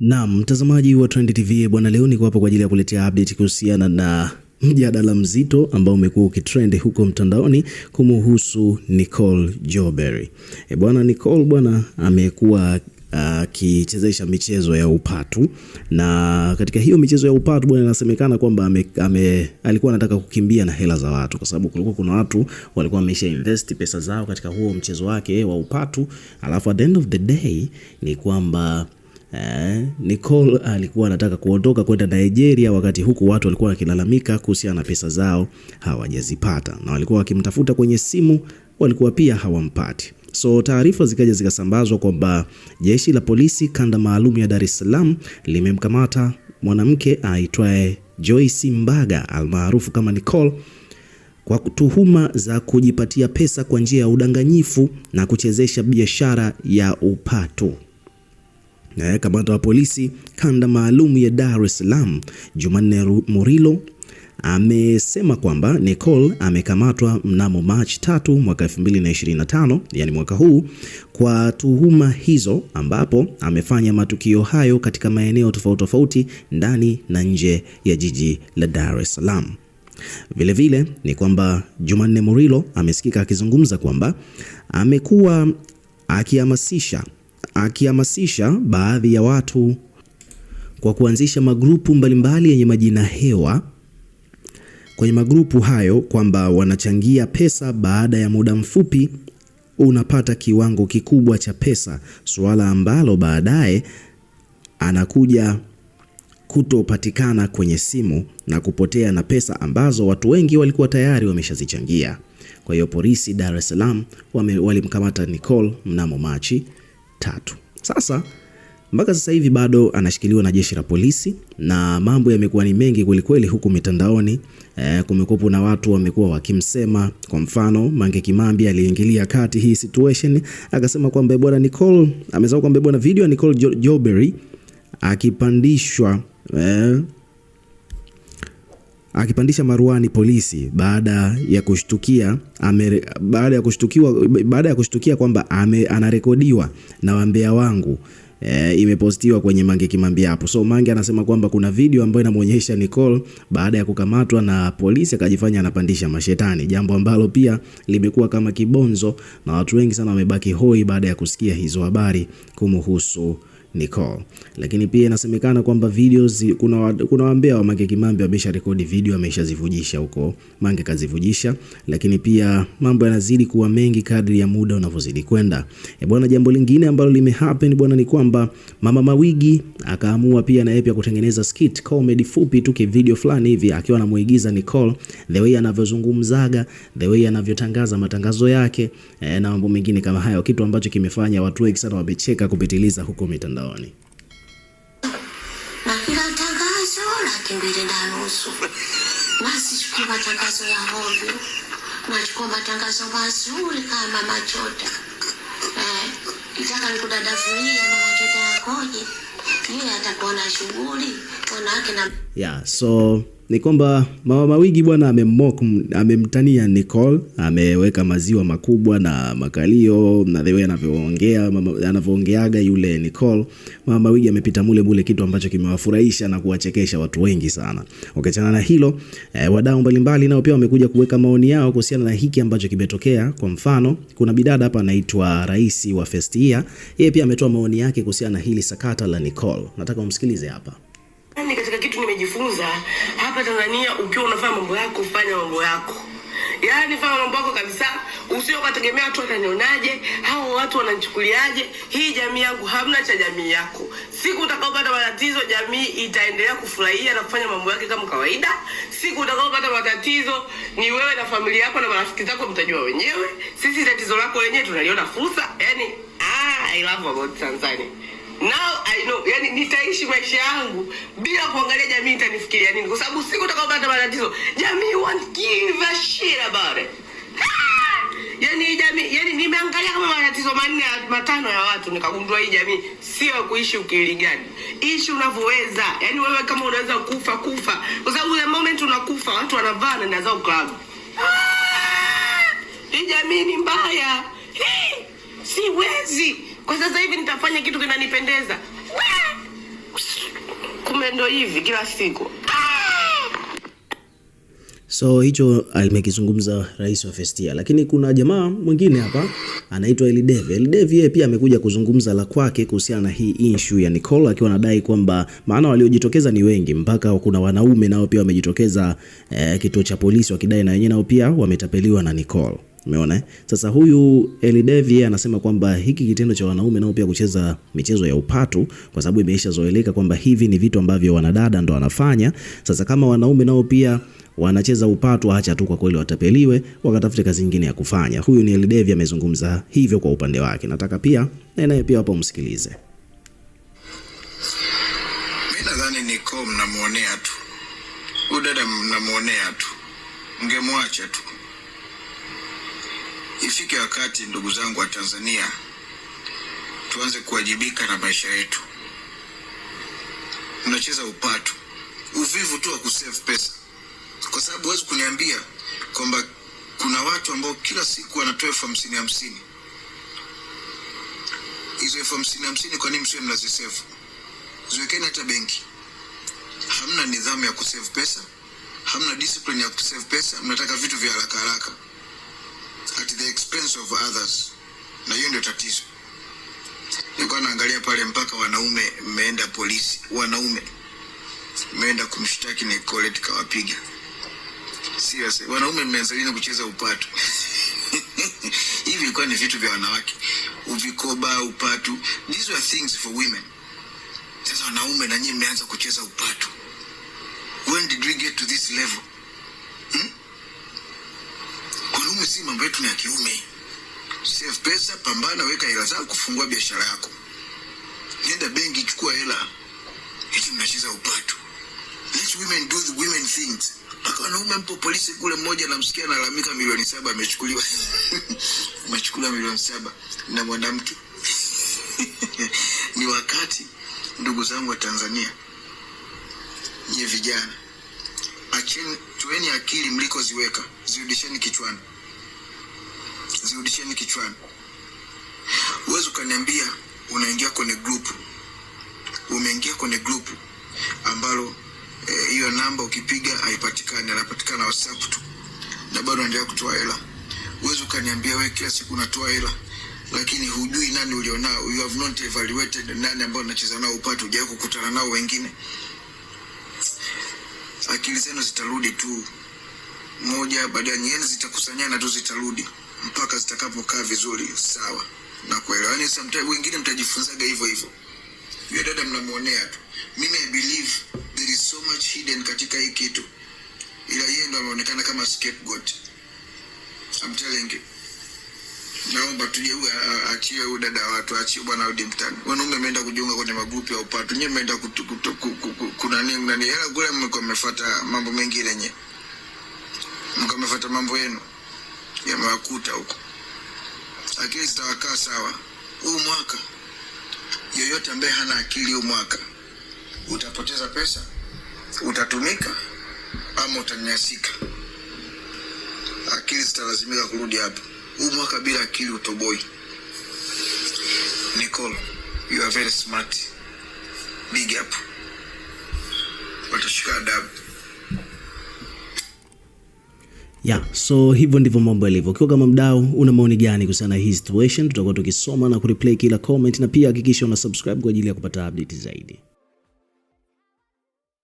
Naam, mtazamaji wa Trend TV bwana, leo niko hapa kwa ajili ya kuletea update kuhusiana na mjadala mzito ambao umekuwa ukitrend huko mtandaoni kumuhusu Nicole Jobery. E bwana, Nicole bwana amekuwa akichezesha uh, michezo ya upatu na katika hiyo michezo ya upatu bwana, inasemekana kwamba ame, ame, alikuwa anataka kukimbia na hela za watu, kwa sababu kulikuwa kuna watu walikuwa wamesha invest pesa zao katika huo mchezo wake wa upatu, alafu at the end of the day ni kwamba Eh, Nicole alikuwa anataka kuondoka kwenda Nigeria wakati huku watu walikuwa wakilalamika kuhusiana na pesa zao hawajazipata, na walikuwa wakimtafuta kwenye simu, walikuwa pia hawampati. So taarifa zikaja zikasambazwa kwamba jeshi la polisi kanda maalum ya Dar es Salaam limemkamata mwanamke aitwaye Joyce Mbaga almaarufu kama Nicole kwa tuhuma za kujipatia pesa kwa njia ya udanganyifu na kuchezesha biashara ya upato. Eh, kamanda wa polisi kanda maalum ya Dar es Salaam Jumanne Murilo amesema kwamba Nicole amekamatwa mnamo Machi 3 mwaka 2025, yani mwaka huu, kwa tuhuma hizo, ambapo amefanya matukio hayo katika maeneo tofauti tofauti ndani na nje ya jiji la Dar es Salaam. Vilevile ni kwamba Jumanne Murilo amesikika akizungumza kwamba amekuwa akihamasisha akihamasisha baadhi ya watu kwa kuanzisha magrupu mbalimbali yenye majina hewa kwenye magrupu hayo kwamba wanachangia pesa, baada ya muda mfupi unapata kiwango kikubwa cha pesa, suala ambalo baadaye anakuja kutopatikana kwenye simu na kupotea na pesa ambazo watu wengi walikuwa tayari wameshazichangia. Kwa hiyo polisi Dar es Salaam walimkamata Nicole mnamo Machi tatu. Sasa mpaka sasa hivi bado anashikiliwa na jeshi la polisi na mambo yamekuwa ni mengi kwelikweli huku mitandaoni. E, kumekuwepo na watu wamekuwa wakimsema. Kwa mfano, Mange Kimambi aliingilia kati hii situation akasema kwamba bwana Nicole amesema kwamba bwana video ya Nicole Jobery akipandishwa e, akipandisha maruani polisi baada ya kushtukia ame, baada ya kushtukiwa baada ya kushtukia kwamba anarekodiwa na wambea wangu. E, imepostiwa kwenye Mange Kimambi hapo. So Mange anasema kwamba kuna video ambayo inamuonyesha Nicole baada ya kukamatwa na polisi akajifanya anapandisha mashetani, jambo ambalo pia limekuwa kama kibonzo na watu wengi sana wamebaki hoi baada ya kusikia hizo habari kumuhusu Nicole. Lakini pia inasemekana kwamba videos kuna, kuna waambia wa Mange Kimambi wamesha rekodi video ameshazivujisha huko, Mange kazivujisha, lakini pia mambo yanazidi kuwa mengi kadri ya muda unavyozidi kwenda. E bwana, jambo lingine ambalo limehappen bwana ni kwamba Mama Mawigi akaamua pia na yeye pia kutengeneza skit comedy fupi tu kivideo fulani hivi akiwa anamuigiza Nicole, the way anavyozungumzaga, the way anavyotangaza matangazo yake e, na mambo mengine kama hayo, kitu ambacho kimefanya watu wengi sana wamecheka kupitiliza huko mitandao mtandaoni. Na kila tangazo nakimbili na nusu, nasichukua matangazo ya hovyo, nachukua matangazo mazuri kama machota eh, kitaka nikudadavulia na machota yakoje, yeye atakuwa na shughuli wanawake na yeah, so ni kwamba Mama Mawigi bwana amemmock amemtania Nicole, ameweka maziwa makubwa na makalio na the way anavyoongea anavyoongeaga yule Nicole. Mama Mawigi amepita mule mule, kitu ambacho kimewafurahisha na kuwachekesha watu wengi sana. Ukiachana na hilo eh, wadau mbalimbali nao pia wamekuja kuweka maoni yao kuhusiana na hiki ambacho kimetokea. Kwa mfano, kuna bidada hapa anaitwa Rais wa Festia, yeye pia ametoa maoni yake kuhusiana na hili sakata la Nicole. Nataka umsikilize hapa. Ni yaani katika kitu nimejifunza hapa Tanzania, ukiwa unafanya mambo yako, fanya mambo yako, yaani fanya mambo yako kabisa, usio ukategemea watu watanionaje, hao watu wananichukuliaje, hii jamii yangu. Hamna cha jamii yako. Siku utakaopata matatizo, jamii itaendelea kufurahia na kufanya mambo yake kama kawaida. Siku utakaopata matatizo, ni wewe na familia yako na marafiki zako, mtajua wenyewe. Sisi tatizo lako wenyewe tunaliona fursa. Yaani, ah, I love about Tanzania. Now I know, yani nitaishi maisha yangu bila kuangalia jamii itanifikiria nini, kwa sababu siku utakaopata matatizo jamii won't give a shit about it. Ah! Yani jamii, yani nimeangalia kama matatizo manne ya matano ya watu nikagundua hii jamii sio kuishi ukili gani, ishi unavyoweza. Yani wewe kama unaweza kufa kufa, kwa sababu the moment unakufa watu wanavaa na ndio ndazao club. Ah! Hii jamii ni mbaya, hii siwezi kwa sasa hivi nitafanya kitu kinanipendeza. Kumbe ndo hivi kila siku. So hicho amekizungumza rais wa Festia, lakini kuna jamaa mwingine hapa anaitwa Elidevi. Elidevi yeye pia amekuja kuzungumza la kwake kuhusiana na hii issue ya Nicole, akiwa anadai kwamba maana waliojitokeza ni wengi, mpaka kuna wanaume nao pia wamejitokeza eh, kituo cha polisi wakidai na wenyewe nao pia wametapeliwa na Nicole. Umeona eh? Sasa huyu Elidevi anasema kwamba hiki kitendo cha wanaume nao pia kucheza michezo ya upatu kwa sababu imeishazoeleka kwamba hivi ni vitu ambavyo wanadada ndo wanafanya. Sasa kama wanaume nao pia wanacheza upatu, acha tu kwa kweli watapeliwe, wakatafute kazi nyingine ya kufanya. Huyu ni Elidevi amezungumza hivyo kwa upande wake. Nataka pia naye pia hapo msikilize. Mimi nadhani niko mnamuonea tu. Huyu dada mnamuonea tu. Ungemwacha tu. Ifike wakati ndugu zangu wa Tanzania, tuanze kuwajibika na maisha yetu. Mnacheza upatu, uvivu tu wa kusave pesa, kwa sababu huwezi kuniambia kwamba kuna watu ambao kila siku wanatoa elfu hamsini hamsini. Hizo elfu hamsini hamsini kwa nini msiwe mnazisevu? Ziwekeni hata benki. Hamna nidhamu ya kusave pesa, hamna discipline ya kusave pesa, mnataka vitu vya haraka haraka at the expense of others, na hiyo ndio tatizo. Nilikuwa naangalia pale mpaka wanaume mmeenda polisi, wanaume mmeenda kumshtaki ni Nicolette Kawapiga. Serious, wanaume mmeanza kucheza upatu hivi ilikuwa ni vitu vya wanawake, uvikoba, upatu, these are things for women. Sasa wanaume na nyinyi mmeanza kucheza upatu. When did we get to this level? elimu si mambo yetu ni ya kiume. Save pesa, pambana, weka hela zako, kufungua biashara yako. Nenda benki, chukua hela. Hicho mnacheza upato. Let women do the women things. Mpaka wanaume mpo polisi kule, mmoja namsikia analalamika milioni saba amechukuliwa. Amechukuliwa milioni saba na mwanamke. Ni wakati ndugu zangu wa Tanzania, nyie vijana, acheni, tueni akili mlikoziweka, zirudisheni kichwani zirudisheni kichwani. Uwezi ukaniambia unaingia kwenye group, umeingia kwenye group ambalo eh, hiyo e, namba ukipiga haipatikani, anapatikana WhatsApp tu, na bado unaendelea kutoa hela. Uwezi ukaniambia wewe kila siku unatoa hela lakini hujui nani ulionao, you have not evaluated nani ambao unacheza nao upate, hujawahi kukutana nao wengine. Akili zenu zitarudi tu moja baada ya nyingine, zitakusanyana tu, zitarudi mpaka zitakapokaa vizuri sawa na kuelewa. Yani sometimes wengine mtajifunzaga hivyo hivyo, yule dada mnamuonea tu. Mimi I believe there is so much hidden katika hii kitu, ila yeye ndo ameonekana kama scapegoat. I'm telling you, naomba tuje tujeue, achie huyu dada watu, achie bwana Audi mtani. Wanaume ameenda kujiunga kwenye magrupu ya upatu, nyewe mmeenda kuna nini nani, hela kule, mmekuwa mmefuata mambo mengi, lenye mkamefata mambo yenu yamewakuta huko, lakini zitawakaa sawa. Huu mwaka yoyote ambaye hana akili, huu mwaka utapoteza pesa, utatumika ama utanyasika. Akili zitalazimika kurudi hapo. Huu mwaka bila akili utoboi. Nicole, you are very smart. Big up. Watashika adabu. Yeah, so hivyo ndivyo mambo yalivyo. Ukiwa kama mdau, una maoni gani kuhusiana na hii situation? Tutakuwa tukisoma na kureplay kila comment, na pia hakikisha una subscribe kwa ajili ya kupata update zaidi.